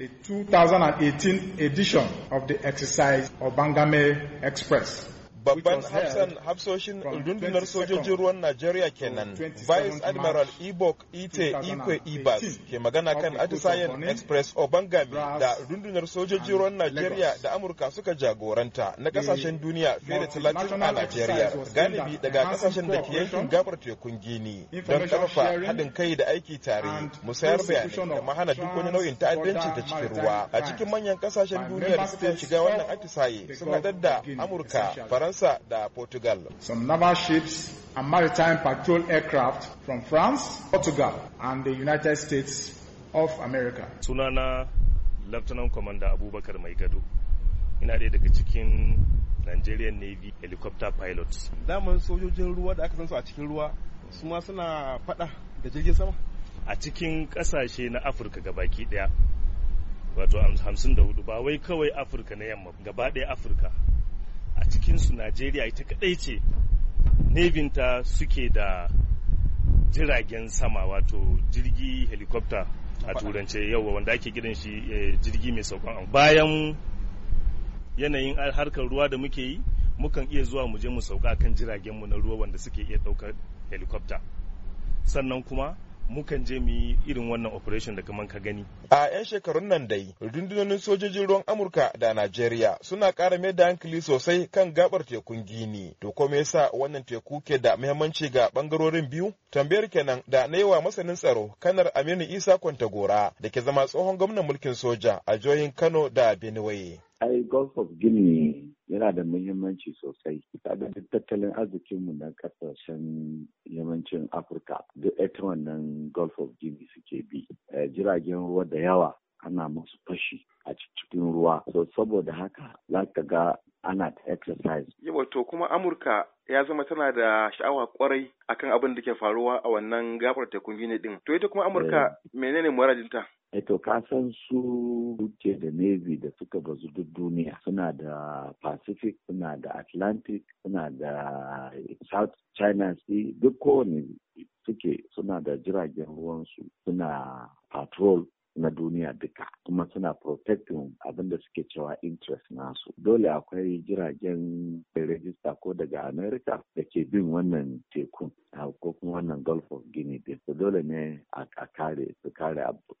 the 2018 edition of the exercise Obangame Express. babban hafsan hafsoshin rundunar sojojin ruwan Najeriya kenan Vice Admiral Ibok Ite Ikwe Ibas ke magana kan atisayen Express Obangami da rundunar sojojin ruwan Najeriya da Amurka suka jagoranta na kasashen duniya fiye da talatin a Najeriya galibi daga kasashen da ke yankin gabar tekun Gini don karfa haɗin kai da aiki tare musayar bayanai da mahana duk wani nau'in ta'addanci da cikin ruwa a cikin manyan kasashen duniya da suke shiga wannan atisaye sun haɗar da Amurka Faransa Faransa da Portugal. Some naval ships and maritime patrol aircraft from France, Portugal and the United States of America. Sunana Lieutenant Commander Abubakar Mai Gado. Ina ɗaya daga cikin Nigerian Navy helicopter pilots. Daman sojojin ruwa da aka san su a cikin ruwa su ma suna fada da jirgin sama? A cikin ƙasashe na Afirka gabaki ɗaya. Wato 54 ba wai kawai Afirka na yamma gaba ɗaya Afirka a cikinsu najeriya ita kadai ce nevinta suke da jiragen sama wato jirgi helicopter a turance yau wanda ake gidan shi eh, jirgi mai saukan bayan yanayin harkar ruwa da muke yi mukan iya zuwa mu je mu sauka kan mu na ruwa wanda suke iya ɗaukar helicopter sannan kuma mukan je mu yi irin wannan operation da kaman ka gani a 'yan shekarun nan dai rundunonin sojojin ruwan amurka da najeriya suna ƙara mai da hankali sosai kan gabar tekun gini to ko me yasa wannan teku ke da muhimmanci ga bangarorin biyu tambayar kenan da na yi wa masanin tsaro kanar aminu isa kwantagora da ke zama tsohon gwamnan mulkin soja a jihohin kano da benue ai Gulf of Guinea yana da muhimmanci sosai kaga duk tattalin arzikinmu na kasashen yammacin Afirka duk ita wannan Gulf of Guinea suke bi eh, jiragen ruwa da yawa ana musu fashi a cikin ruwa so saboda haka za ka ga ana ta exercise yawa to kuma Amurka ya zama tana da sha'awa kwarai akan abin da ke faruwa a wannan gabar tekun gini din to ita kuma Amurka eh. menene muradinta Eto eh, kasan su ke da Navy da suka bazu duk duniya suna da Pacific, suna da Atlantic, suna da South China Sea duk kowane suke suna da jiragen ruwansu suna patrol na duniya duka kuma suna protecting abin da suke cewa interest nasu dole akwai jiragen register ko daga america da ke bin wannan tekun ko kuma wannan gulf of guinea din dole ne a kare su kare